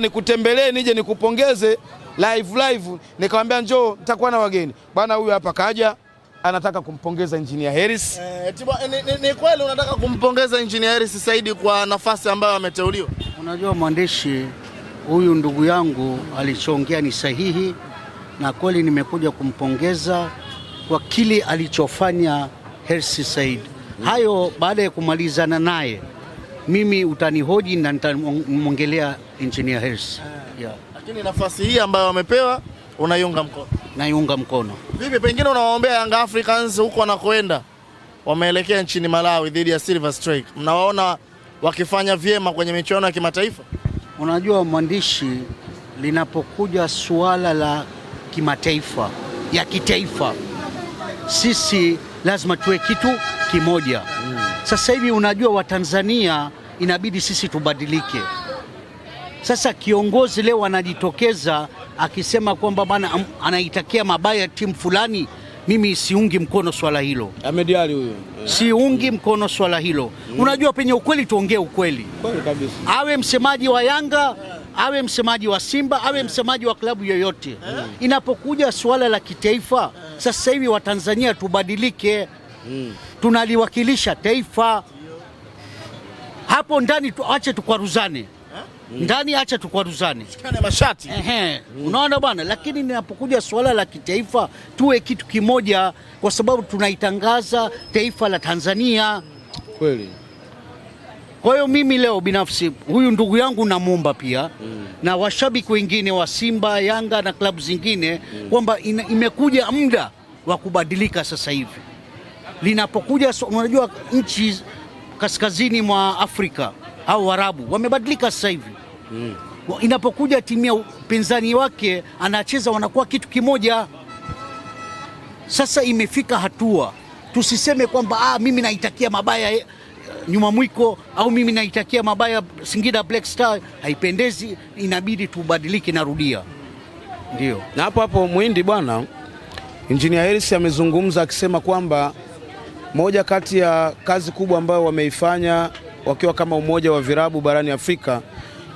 Nikutembelee nije nikupongeze live live, nikamwambia njoo, nitakuwa na wageni bwana. Huyu hapa kaja anataka kumpongeza Engineer Harris. Eh, eh ni, ni kweli unataka kumpongeza Engineer Harris Saidi kwa nafasi ambayo ameteuliwa? Unajua mwandishi huyu ndugu yangu alichoongea ni sahihi, na kweli nimekuja kumpongeza kwa kile alichofanya Harris Saidi. Hayo baada ya kumalizana naye mimi utanihoji na nitamwongelea Engineer Hersi. Ah. Yeah. Lakini nafasi hii ambayo wamepewa unaiunga mkono? Naiunga mkono. Vipi, pengine unawaombea Young Africans huko wanakoenda, wameelekea nchini Malawi dhidi ya Silver Strike, mnawaona wakifanya vyema kwenye michuano ya kimataifa? Unajua mwandishi, linapokuja suala la kimataifa ya kitaifa, sisi lazima tuwe kitu kimoja mm. Sasa hivi unajua, Watanzania inabidi sisi tubadilike. Sasa kiongozi leo anajitokeza akisema kwamba bana anaitakia mabaya timu fulani, mimi siungi mkono swala hilo. Ahmed Ally huyo, siungi mkono swala hilo mm. Unajua, penye ukweli tuongee ukweli, kweli kabisa. Awe msemaji wa Yanga, awe msemaji wa Simba, awe mm. msemaji wa klabu yoyote yeah. Mm. Inapokuja swala la kitaifa, mm. sasa hivi Watanzania tubadilike mm. tunaliwakilisha taifa hapo ndani, ache tukwaruzane eh? ndani acha tukwaruzane mashati. mm. unaona bwana, lakini ninapokuja suala la kitaifa tuwe kitu kimoja, kwa sababu tunaitangaza taifa la Tanzania kweli. Kwa hiyo mimi leo binafsi huyu ndugu yangu namwomba pia mm. na washabiki wengine wa Simba, Yanga na klabu zingine mm. kwamba imekuja muda wa kubadilika sasa hivi linapokuja so, unajua nchi kaskazini mwa Afrika au arabu wamebadilika sasa hivi mm. Inapokuja timu ya upinzani wake anacheza, wanakuwa kitu kimoja. Sasa imefika hatua tusiseme kwamba ah, mimi naitakia mabaya eh, nyuma mwiko au mimi naitakia mabaya Singida Black Star, haipendezi. Inabidi tubadilike. Narudia, ndio na hapo hapo Mwindi bwana Injinia Hersi amezungumza akisema kwamba moja kati ya kazi kubwa ambayo wameifanya wakiwa kama umoja wa virabu barani Afrika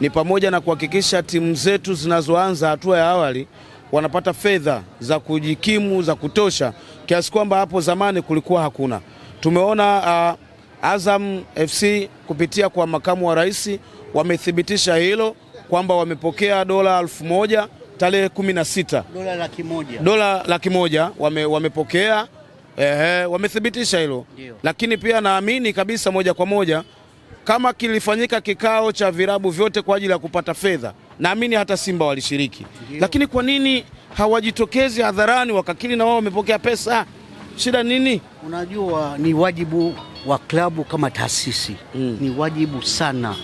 ni pamoja na kuhakikisha timu zetu zinazoanza hatua ya awali wanapata fedha za kujikimu za kutosha, kiasi kwamba hapo zamani kulikuwa hakuna. Tumeona uh, Azam FC kupitia kwa makamu wa rais wamethibitisha hilo kwamba wamepokea dola elfu moja tarehe kumi na sita dola laki moja, dola laki moja wame, wamepokea Ehe, wamethibitisha hilo, lakini pia naamini kabisa moja kwa moja kama kilifanyika kikao cha virabu vyote kwa ajili ya kupata fedha, naamini hata Simba walishiriki. Ndiyo. Lakini kwa nini hawajitokezi hadharani wakakiri na wao wamepokea pesa? Shida nini? Unajua, ni wajibu wa klabu kama taasisi mm. Ni wajibu sana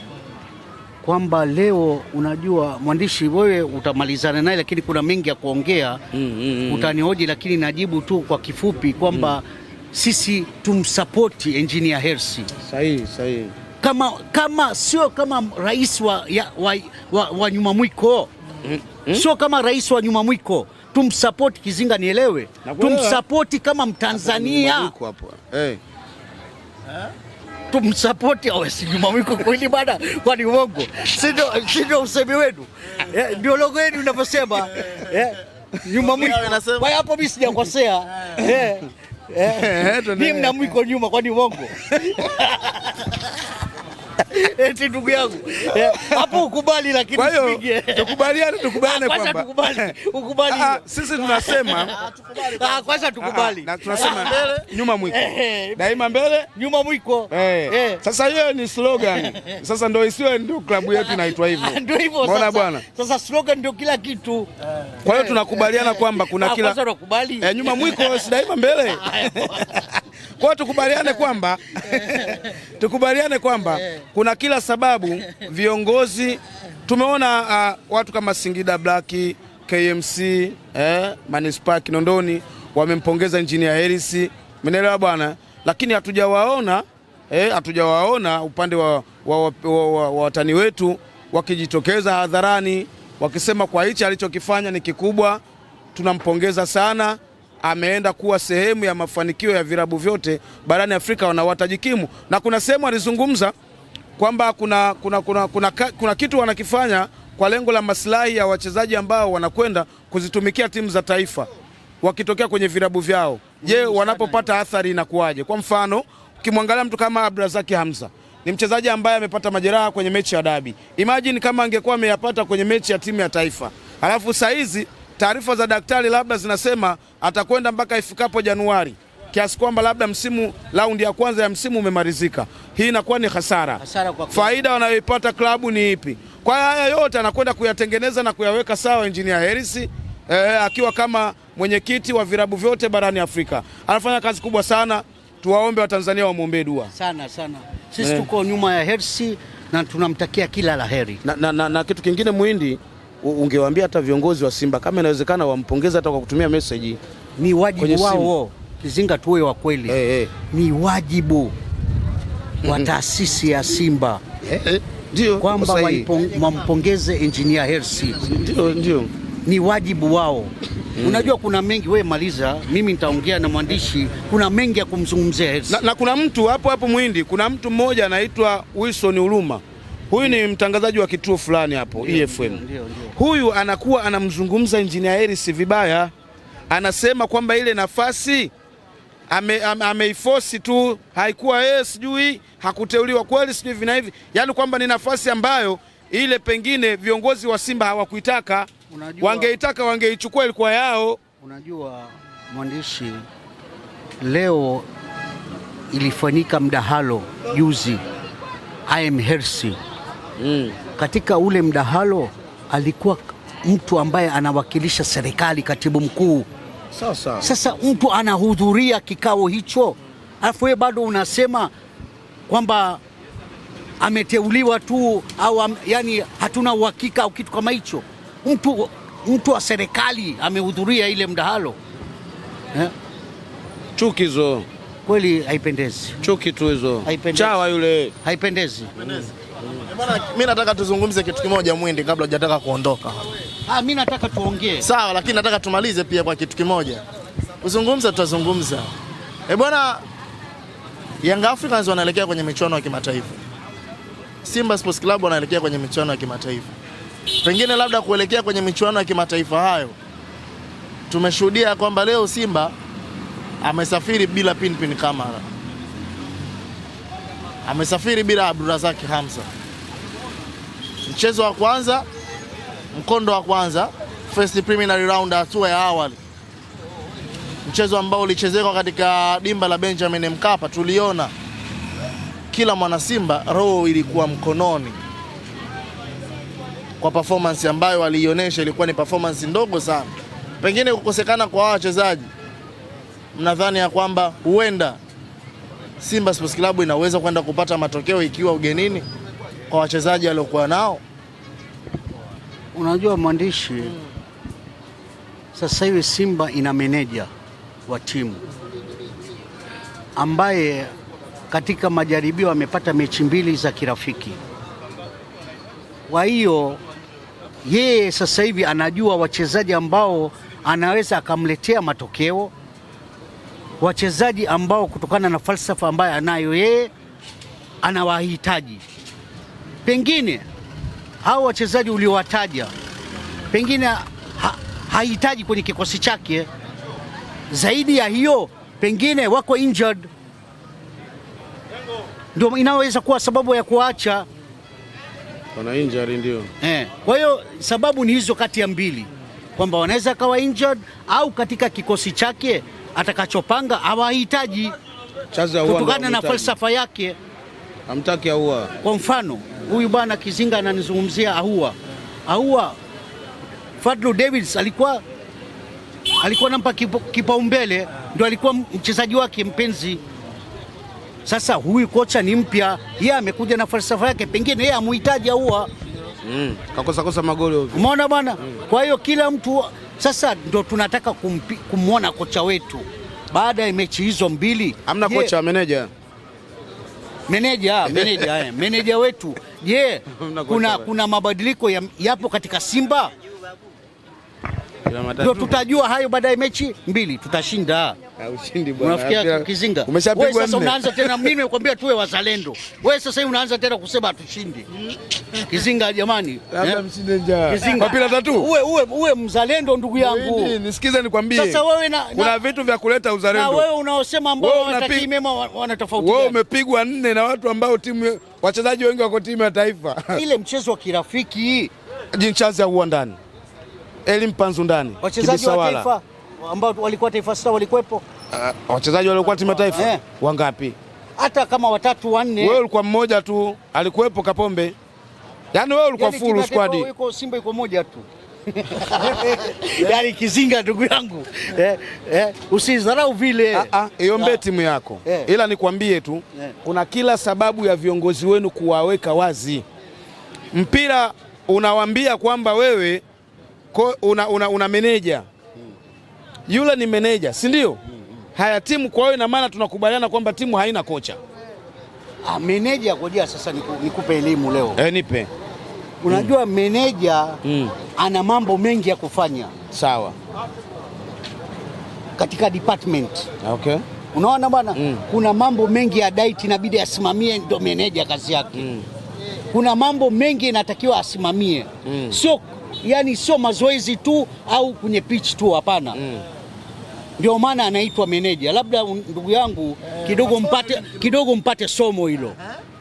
kwamba leo unajua mwandishi wewe utamalizana naye, lakini kuna mengi ya kuongea mm, mm, mm, utanihoji, lakini najibu tu kwa kifupi kwamba mm, sisi tumsapoti engineer Hersi. Sahihi, sahihi. Kama, kama sio kama rais wa, ya, wa, wa, wa nyuma mwiko mm, mm, sio kama rais wa nyuma mwiko tumsapoti. Kizinga, nielewe, tumsapoti kama Mtanzania hapo, hapo. Eh. Hey. Eh? tumsapoti Awesi Juma Mwiko kweli bana, kwani uongo sindo usemi wenu yeah, ndio logo yenu inavyosema yeah. Nyuma Mwiko kwa hapo mimi sijakosea yeah. yeah. ni mna mwiko nyuma, kwani uongo eti ndugu yangu eh, hapo ukubali, lakini kwa hiyo Tukubaliane, tukubaliane ah, kwamba tukubali, ukubali ah, sisi tunasema ah, ah kwanza tukubali, ah, na tunasema mbele nyuma mwiko eh, eh. daima, mbele nyuma mwiko. eh. Sasa hiyo ni slogan, sasa ndio isiwe, ndio klabu yetu inaitwa hivyo, ndio hivyo. Unaona bwana, sasa slogan ndio kila kitu. Kwa hiyo tunakubaliana kwamba kuna kila kwanza eh, nyuma mwiko, si daima mbele kwa tukubaliane kwamba tukubaliane kwamba kuna kila sababu viongozi tumeona uh, watu kama Singida Black KMC eh, manispaa Kinondoni wamempongeza injinia Harris, mnaelewa bwana, lakini hatujawaona eh, hatujawaona upande wa watani wa, wa, wa, wa wetu wakijitokeza hadharani wakisema kwa hichi alichokifanya ni kikubwa, tunampongeza sana, ameenda kuwa sehemu ya mafanikio ya virabu vyote barani Afrika wanawatajikimu na kuna sehemu alizungumza kwamba kuna, kuna, kuna, kuna, kuna kitu wanakifanya kwa lengo la maslahi ya wachezaji ambao wanakwenda kuzitumikia timu za taifa wakitokea kwenye vilabu vyao. Je, wanapopata athari inakuwaje? Kwa mfano ukimwangalia mtu kama Abdulrazaki Hamza ni mchezaji ambaye amepata majeraha kwenye mechi ya dabi. Imagine kama angekuwa ameyapata kwenye mechi ya timu ya taifa, alafu saa hizi taarifa za daktari labda zinasema atakwenda mpaka ifikapo Januari kiasi kwamba labda msimu raundi ya kwanza ya msimu umemalizika. Hii inakuwa ni hasara, hasara kwa faida wanayoipata klabu ni ipi? Kwa haya yote anakwenda kuyatengeneza na kuyaweka sawa engineer Hersi eh, akiwa kama mwenyekiti wa virabu vyote barani Afrika anafanya kazi kubwa sana. Tuwaombe Watanzania wamwombee dua sana sana, sisi eh, tuko nyuma ya Hersi na tunamtakia kila la heri na, na, na, na kitu kingine muhindi ungewaambia hata viongozi wa Simba kama inawezekana wampongeze hata kwa kutumia message, ni wajibu wao Kizinga, tuwe wa kweli hey, eh, eh. hey. Ni wajibu wa mhm. taasisi ya Simba hey, eh, hey. kwamba wampongeze engineer Hersi, ndio ni wajibu wao. Mm. Unajua kuna mengi, we maliza, mimi nitaongea na mwandishi. Kuna mengi ya kumzungumzia Hersi na, na kuna mtu hapo hapo mwindi kuna mtu mmoja anaitwa Wilson Uluma huyu ni mtangazaji wa kituo fulani hapo EFM. Huyu anakuwa anamzungumza engineer Hersi vibaya, anasema kwamba ile nafasi ameifosi ame tu, haikuwa yeye sijui hakuteuliwa kweli sijui vina hivi, yaani kwamba ni nafasi ambayo ile pengine viongozi wa Simba hawakuitaka, wangeitaka wangeichukua, ilikuwa yao. Unajua mwandishi, leo ilifanyika mdahalo juzi IM Hersi mm. Katika ule mdahalo alikuwa mtu ambaye anawakilisha serikali, katibu mkuu sasa. Sasa mtu anahudhuria kikao hicho, alafu yeye bado unasema kwamba ameteuliwa tu au am, yani hatuna uhakika au kitu kama hicho. Mtu, mtu wa serikali amehudhuria ile mdahalo eh? Chuki hizo kweli haipendezi, chuki tu hizo, chawa yule haipendezi, haipendezi. Bwana, eh, mimi nataka tuzungumze kitu kimoja Mwindi, kabla hujataka kuondoka. Ah, mimi nataka tuongee. Sawa, lakini nataka tumalize pia kwa kitu kimoja. Kuzungumza tutazungumza. Eh, bwana Young Africans wanaelekea kwenye michuano ya kimataifa. Simba Sports Club wanaelekea kwenye michuano ya kimataifa. Pengine labda kuelekea kwenye michuano ya kimataifa hayo, tumeshuhudia kwamba leo Simba amesafiri bila Pinpin Kamara, amesafiri bila Abdurazaki Hamza mchezo wa kwanza, mkondo wa kwanza, first preliminary round, hatua ya awali, mchezo ambao ulichezekwa katika dimba la Benjamin Mkapa. Tuliona kila mwana Simba roho ilikuwa mkononi kwa performance ambayo waliionyesha, ilikuwa ni performance ndogo sana. Pengine kukosekana kwa wachezaji, mnadhani ya kwamba huenda Simba Sports Club inaweza kwenda kupata matokeo ikiwa ugenini kwa wachezaji waliokuwa nao? Unajua mwandishi Sasa hivi Simba ina meneja wa timu ambaye katika majaribio amepata mechi mbili za kirafiki. Kwa hiyo yeye sasa hivi anajua wachezaji ambao anaweza akamletea matokeo, wachezaji ambao kutokana na falsafa ambayo anayo yeye anawahitaji pengine hao wachezaji uliowataja pengine ha, hahitaji kwenye kikosi chake. Zaidi ya hiyo, pengine wako injured, ndio inaweza kuwa sababu ya kuacha wana injury ndio eh. Kwa hiyo sababu ni hizo kati ya mbili, kwamba wanaweza akawa injured au katika kikosi chake atakachopanga hawahitaji kutokana na falsafa yake, amtaki aua kwa mfano huyu bwana Kizinga ananizungumzia aua aua Fadlu Davids alikuwa alikuwa nampa kipaumbele kipa, ndo alikuwa mchezaji wake mpenzi. Sasa huyu kocha ni mpya, yeye amekuja na falsafa yake, pengine yeye amuhitaji Ahoua mm, kakosa kosa magoli ovyo, umeona bwana mm. Kwa hiyo kila mtu sasa ndo tunataka kumwona kocha wetu baada ya mechi hizo mbili. Hamna kocha, meneja meneja meneja wetu Je, kuna, kuna mabadiliko ya, yapo katika Simba? ndio tutajua hayo baadaye. Mechi mbili tutashinda. Ah, Unafikia kizinga wewe sasa, unaanza tena. Mimi nimekwambia tuwe wazalendo, wewe sasa hivi unaanza tena kusema Kizinga jamani, labda eh? mshinde njaa tatu. Uwe uwe uwe mzalendo ndugu yangu, nisikize nikwambie. Sasa wewe na kuna vitu vya kuleta uzalendo, na wewe unaosema ambao wanataka mema Wewe umepigwa nne na watu ambao timu wachezaji wengi wako timu ya taifa, ile mchezo wa kirafiki Jinchazi ya uwandani. Elim Mpanzu ndani. Wachezaji wa taifa ambao walikuwa Taifa Stars walikuwepo. Uh, wachezaji walikuwa timu ya taifa yeah. wangapi? Hata kama watatu wanne. Wewe ulikuwa mmoja tu, alikuwepo Kapombe. Yaani wewe ulikuwa yaani full squad. Yuko Simba yuko moja tu. Yaani kizinga ndugu yangu. Eh, eh, Usizarau vile. Ah ah, iombee ah. timu yako. yeah. Ila nikwambie tu, yeah. kuna kila sababu ya viongozi wenu kuwaweka wazi. Mpira unawambia kwamba wewe una, una, una meneja yule ni meneja, si ndio? Haya, timu kwa hiyo ina maana tunakubaliana kwamba timu haina kocha. Ah, meneja kojia, sasa nikupe elimu leo. E, nipe. Unajua mm. meneja mm. ana mambo mengi ya kufanya, sawa, katika department. Okay. Unaona bwana mm. kuna mambo mengi ya diet inabidi asimamie, ndio meneja kazi yake mm. kuna mambo mengi inatakiwa asimamie mm. sio yani sio mazoezi tu au kwenye pitch tu, hapana mm. Ndio maana anaitwa meneja. Labda ndugu yangu eh, kidogo mpate, kidogo mpate somo hilo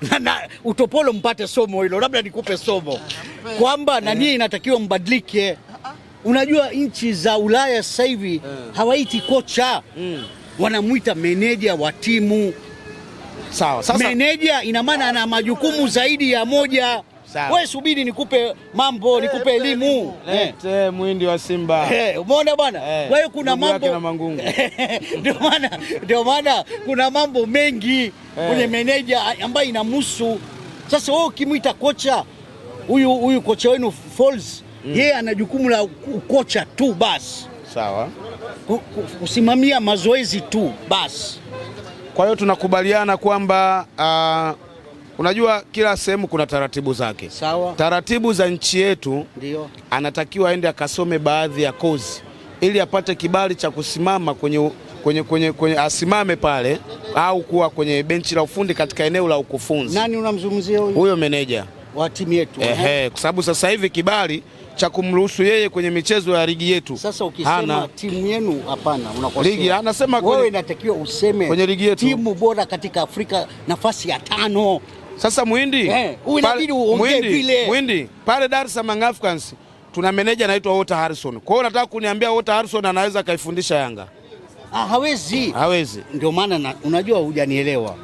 eh? na utopolo mpate somo hilo, labda nikupe somo kwamba nanie eh. inatakiwa mbadilike. Ah, ah. Unajua nchi za Ulaya sasa hivi hawaiti kocha, mm. wanamwita meneja wa timu. Sawa, sasa meneja ina maana ana majukumu zaidi ya moja wewe subiri nikupe mambo, eh, nikupe elimu. Eh. Lete eh, mwindi wa Simba. Umeona bwana? Kwa hiyo kuna mambo ndio maana ndio maana kuna mambo mengi kwenye meneja ambayo inamhusu. Sasa wewe ukimwita kocha huyu huyu kocha wenu Falls mm. yeye ana jukumu la kocha tu basi. Sawa. Kusimamia mazoezi tu basi. Kwa hiyo tunakubaliana kwamba uh, Unajua kila sehemu kuna taratibu zake. Sawa. Taratibu za nchi yetu ndio anatakiwa aende akasome baadhi ya kozi ili apate kibali cha kusimama kwenye, kwenye, kwenye, kwenye asimame pale au kuwa kwenye benchi la ufundi katika eneo la ukufunzi. Nani unamzungumzia huyo? Huyo meneja wa timu yetu. Eh? Ehe, kwa sababu sasa hivi kibali cha kumruhusu yeye kwenye michezo ya ligi yetu. Sasa ukisema ana, timu yenu, hapana, unakosea ligi. Anasema wewe inatakiwa useme kwenye ligi yetu timu bora katika Afrika nafasi ya tano. Sasa Muhindi, eh, inabidi uongee vile Muhindi pale Dar es Salaam Africans tuna meneja anaitwa Walter Harrison. Kwa hiyo nataka kuniambia Walter Harrison anaweza akaifundisha Yanga? Ah, hawezi, hawezi. Ndio maana unajua hujanielewa,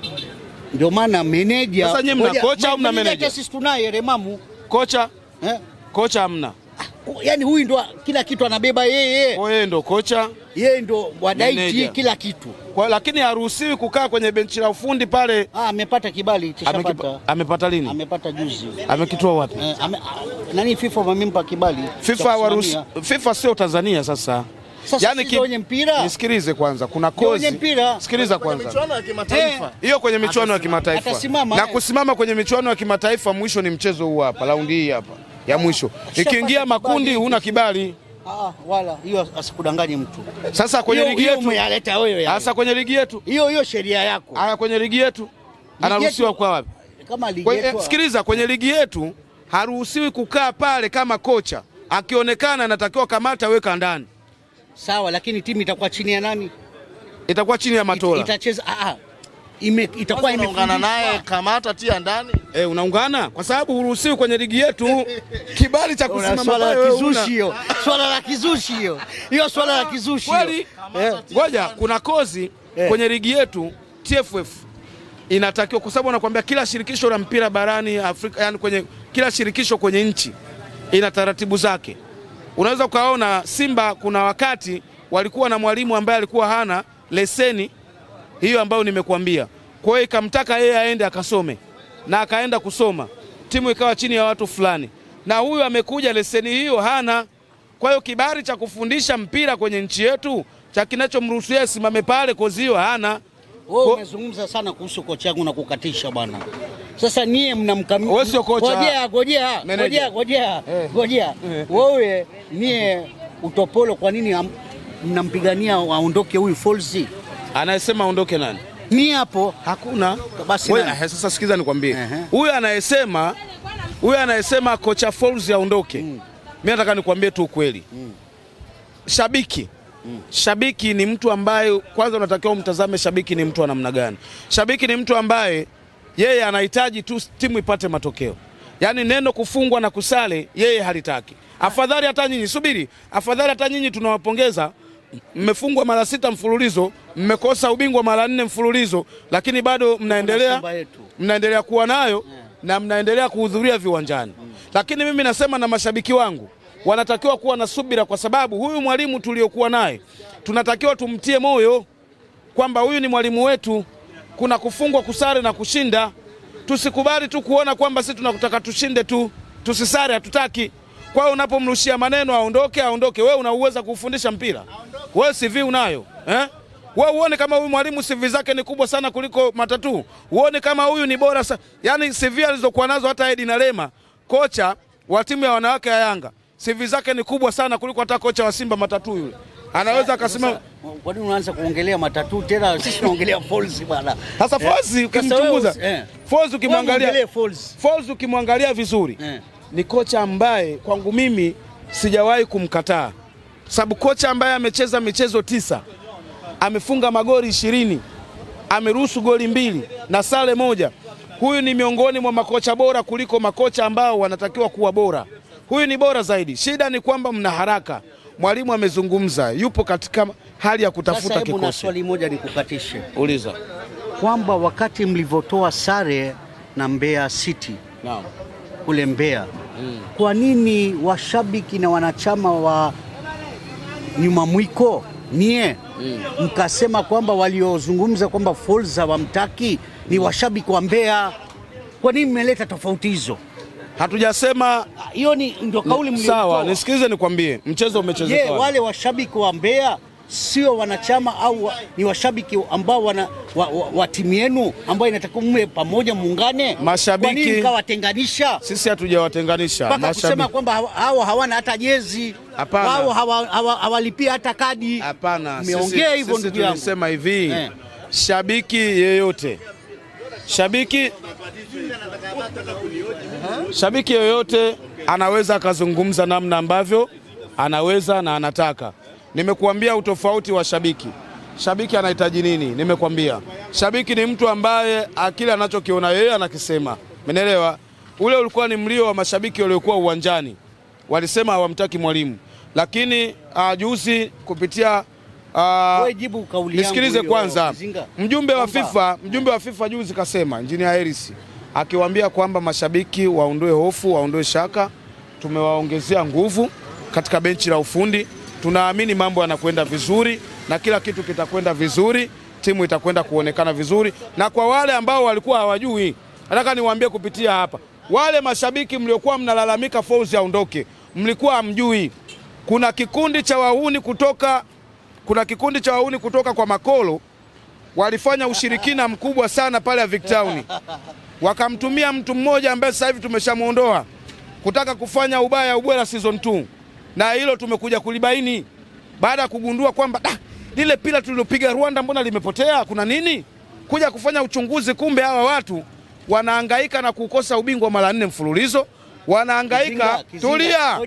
ndio maana meneja. Sasa nyinyi mna kocha au mna meneja? Sisi tunaye Remamu kocha eh? kocha hamna. Ah, yaani huyu ndo kila kitu anabeba yeye. Yeye ndo kocha, yeye ndo wadaiti kila kitu kwa, lakini haruhusiwi kukaa kwenye benchi la ufundi pale. Ah, amepata kibali kishapata. Amepata lini? Amepata juzi. Amekitoa wapi? Eh, ame, ah, nani FIFA wamempa kibali? FIFA waruhusi, FIFA sio Tanzania sasa. Sasa yani ki... mpira. Nisikilize kwanza. Kuna kozi. Sikiliza kwanza. Eh. Hiyo kwenye michuano ya kimataifa. Na eh. kusimama kwenye michuano ya kimataifa mwisho ni mchezo huu hapa, raundi hii hapa ya mwisho. Ikiingia makundi, huna kibali Ah, ah wala hiyo asikudanganye mtu. Sasa kwenye ligi yetu umeyaleta wewe. Sasa kwenye ligi yetu hiyo hiyo sheria yako. Aya, kwenye ligi yetu anaruhusiwa kwa wapi? Kama ligi yetu. Eh, sikiliza, kwenye ligi yetu haruhusiwi kukaa pale kama kocha akionekana anatakiwa kamata, weka ndani. Sawa, lakini timu itakuwa chini ya nani? Itakuwa chini ya Matola. It, itacheza ah, ah itakuwa imeungana naye kamata tia ndani eh, unaungana kwa sababu huruhusiwi kwenye ligi yetu kibali cha kusimama. Swala la kizushi hiyo, swala la kizushi hiyo hiyo, swala la ah, kizushi kweli. Eh, ngoja, kuna kozi eh. kwenye ligi yetu TFF inatakiwa kwa sababu anakuambia kila shirikisho la mpira barani Afrika, yani kwenye kila shirikisho kwenye nchi ina taratibu zake. Unaweza ukaona Simba kuna wakati walikuwa na mwalimu ambaye alikuwa hana leseni hiyo ambayo nimekuambia. Kwa hiyo ikamtaka yeye aende akasome, na akaenda kusoma, timu ikawa chini ya watu fulani, na huyu amekuja leseni hiyo hana. Kwa hiyo kibali cha kufundisha mpira kwenye nchi yetu cha kinachomruhusu yeye simame pale, kozi hiyo hana. Wewe umezungumza sana kuhusu kocha yangu na kukatisha bwana. Sasa nyie mnamkamia. Wewe sio kocha. Ngojea, ngojea, ngojea, ngojea. Eh. Ngojea. Eh. Wewe nyie utopolo, kwa nini mnampigania aondoke huyu Folzi? Anayesema aondoke nani? Ni hapo hakuna. Basi wewe eh, sasa sikiza nikwambie. Huyu anayesema huyu anayesema kocha Folz aondoke. Mm. Mimi nataka nikwambie tu ukweli. Mm. Shabiki Mm. Shabiki ni mtu ambaye kwanza unatakiwa umtazame shabiki ni mtu wa namna gani. Shabiki ni mtu ambaye yeye anahitaji tu timu ipate matokeo, yaani neno kufungwa na kusale yeye halitaki. Afadhali hata nyinyi subiri, afadhali hata nyinyi tunawapongeza mmefungwa mara sita mfululizo, mmekosa ubingwa mara nne mfululizo, lakini bado mnaendelea mnaendelea kuwa nayo na mnaendelea kuhudhuria viwanjani. Mm. Lakini mimi nasema na mashabiki wangu wanatakiwa kuwa na subira, kwa sababu huyu mwalimu tuliyokuwa naye tunatakiwa tumtie moyo kwamba huyu ni mwalimu wetu. Kuna kufungwa, kusare na kushinda. Tusikubali tu kuona kwamba sisi tunataka tushinde tu, tusisare hatutaki. Kwa hiyo unapomrushia maneno aondoke, aondoke, wewe unauweza kufundisha mpira wewe CV unayo eh? Wewe uone kama huyu mwalimu CV zake ni kubwa sana kuliko matatu, uone kama huyu ni bora sana. Yaani CV alizokuwa nazo hata Edina Lema, kocha wa timu ya wanawake ya Yanga, CV zake ni kubwa sana kuliko hata kocha wa Simba matatu yule anaweza akasema. Kwa nini unaanza kuongelea matatu tena? Sisi tunaongelea Falls bwana. Sasa eh, Folz ukimchunguza, eh. Falls ukimwangalia, Falls ukimwangalia vizuri, eh. ni kocha ambaye kwangu mimi sijawahi kumkataa sababu kocha ambaye amecheza michezo tisa amefunga magoli ishirini ameruhusu goli mbili na sare moja. Huyu ni miongoni mwa makocha bora kuliko makocha ambao wanatakiwa kuwa bora. Huyu ni bora zaidi. Shida ni kwamba mna haraka. Mwalimu amezungumza, yupo katika hali ya kutafuta kikosi. Na swali moja nikukatishe, uliza kwamba wakati mlivyotoa sare na Mbeya City naam, kule Mbeya mm, kwa nini washabiki na wanachama wa nyuma mwiko nie mm. Mkasema kwamba waliozungumza kwamba Folza wamtaki ni washabiki wa Mbeya. Kwa nini mmeleta tofauti hizo? Hatujasema hiyo, ni ndio kauli mlio. Sawa, nisikilize nikwambie, mchezo umechezeka. Je, wale washabiki wa Mbeya sio wanachama au wa, ni washabiki ambao wana, wa, wa, wa timu yenu ambayo inatakiwa mwe pamoja muungane. Mashabiki kwa nini mkawatenganisha? Sisi hatujawatenganisha mashabiki, kusema kwamba hawa hawana hata jezi wao hawalipi hata kadi. Hapana, umeongea hivyo ndugu yangu, tunasema hivi eh, shabiki yeyote shabiki shabiki yoyote anaweza akazungumza namna ambavyo anaweza na anataka. Nimekuambia utofauti wa shabiki. Shabiki anahitaji nini? Nimekuambia shabiki ni mtu ambaye akili anachokiona yeye anakisema, menelewa. Ule ulikuwa ni mlio wa mashabiki waliokuwa uwanjani, walisema hawamtaki mwalimu lakini uh, juzi kupitia uh, nisikilize kwanza mjumbe wa FIFA, mjumbe wa FIFA juzi kasema Engineer Hersi akiwaambia kwamba mashabiki waondoe hofu, waondoe shaka, tumewaongezea nguvu katika benchi la ufundi. Tunaamini mambo yanakwenda vizuri na kila kitu kitakwenda vizuri, timu itakwenda kuonekana vizuri. Na kwa wale ambao walikuwa hawajui, nataka niwaambie kupitia hapa, wale mashabiki mliokuwa mnalalamika Fouzi aondoke, mlikuwa hamjui kuna kikundi cha wahuni kutoka, kuna kikundi cha wahuni kutoka kwa Makolo walifanya ushirikina mkubwa sana pale ya Victown, wakamtumia mtu mmoja ambaye sasa hivi tumeshamwondoa kutaka kufanya ubaya ubwela season 2 na hilo tumekuja kulibaini baada ya kugundua kwamba ah, lile pila tulilopiga Rwanda mbona limepotea? Kuna nini? Kuja kufanya uchunguzi, kumbe hawa watu wanahangaika na kukosa ubingwa mara nne mfululizo wanahangaika. Tulia,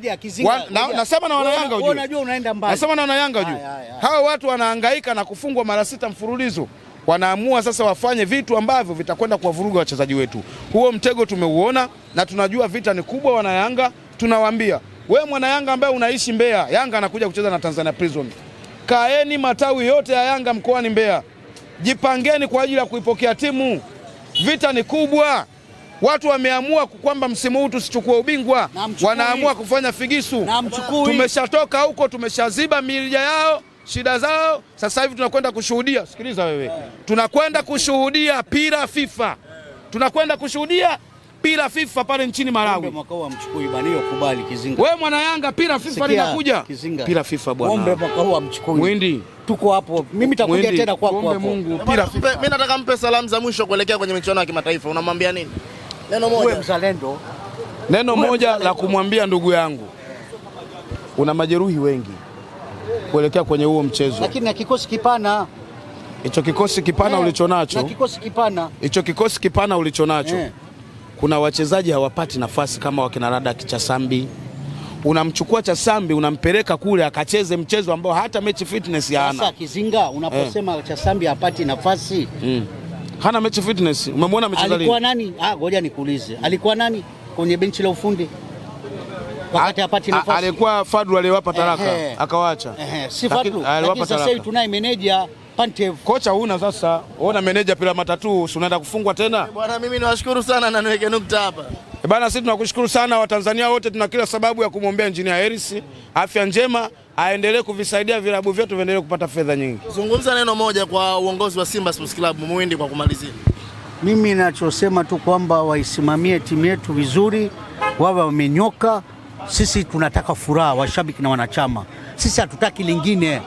nasema na wanayanga juu, nasema na wanayanga juu. Hawa watu wanahangaika na kufungwa mara sita mfululizo, wanaamua sasa wafanye vitu ambavyo vitakwenda kuwavuruga wachezaji wetu. Huo mtego tumeuona na tunajua vita ni kubwa. Wanayanga tunawaambia, we mwanayanga ambaye unaishi Mbeya, Yanga anakuja kucheza na Tanzania Prison. Kaeni matawi yote ya Yanga mkoani Mbeya, jipangeni kwa ajili ya kuipokea timu. Vita ni kubwa. Watu wameamua kwamba msimu huu tusichukue ubingwa, wanaamua kufanya figisu. Tumeshatoka huko, tumeshaziba mirija yao shida zao. Sasa hivi tunakwenda kushuhudia, sikiliza wewe, tunakwenda kushuhudia pira FIFA, tunakwenda kushuhudia pira FIFA pale nchini Malawi. Wewe mwana Yanga, pira FIFA linakuja, pira FIFA bwana Mwindi, tuko hapo. Mimi nitakuja tena kwako hapo. Mungu, pira FIFA. Mimi nataka mpe salamu za mwisho kuelekea kwenye michuano ya kimataifa, unamwambia nini? neno moja, uwe mzalendo, neno moja la kumwambia ndugu yangu, una majeruhi wengi kuelekea kwenye huo mchezo, lakini na kikosi kipana hicho kikosi kipana yeah, ulichonacho hicho kikosi kipana, hicho kikosi kipana ulichonacho yeah. Kuna wachezaji hawapati nafasi kama wakina Radak Chasambi. Unamchukua Chasambi unampeleka kule akacheze mchezo ambao hata mechi fitness haana. Sasa Kizinga, unaposema yeah, Chasambi hapati nafasi mm hana match fitness. Umemwona amecheza lini? Alikuwa nani? Ah, ngoja nikuulize, alikuwa nani kwenye benchi la ufundi wakati hapati nafasi? Alikuwa Fadlu aliyewapa taraka akawaacha. Si Fadlu, taraka. sasa hivi tunaye meneja Pantev. Kocha huna sasa, ona meneja pila matatu, unaenda kufungwa tena bwana. Mimi niwashukuru sana na niweke nukta hapa. E bana, sisi tunakushukuru sana. Watanzania wote tuna kila sababu ya kumwombea Injinia Harris afya njema, aendelee kuvisaidia vilabu vyetu viendelee kupata fedha nyingi. Zungumza neno moja kwa uongozi wa Simba Sports Club Muhindi, kwa kumalizia. Mimi nachosema tu kwamba waisimamie timu yetu vizuri, wawe wamenyoka. Sisi tunataka furaha, washabiki na wanachama. Sisi hatutaki lingine,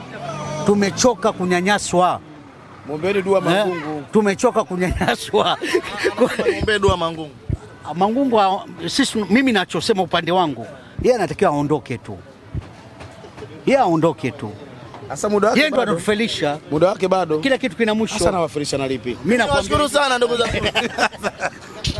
tumechoka kunyanyaswa. Mwombeni dua eh, Mangungu. Tumechoka kunyanyaswa. Mwombeni dua Mangungu. Mangungu sisi, mimi nachosema upande wangu, yeye anatakiwa aondoke tu, yeye aondoke tu. Sasa muda wake ndo anatufelisha muda wake bado, kila kitu kina mwisho. Sasa nawafilisha na lipi? Mimi nakushukuru sana ndugu zangu.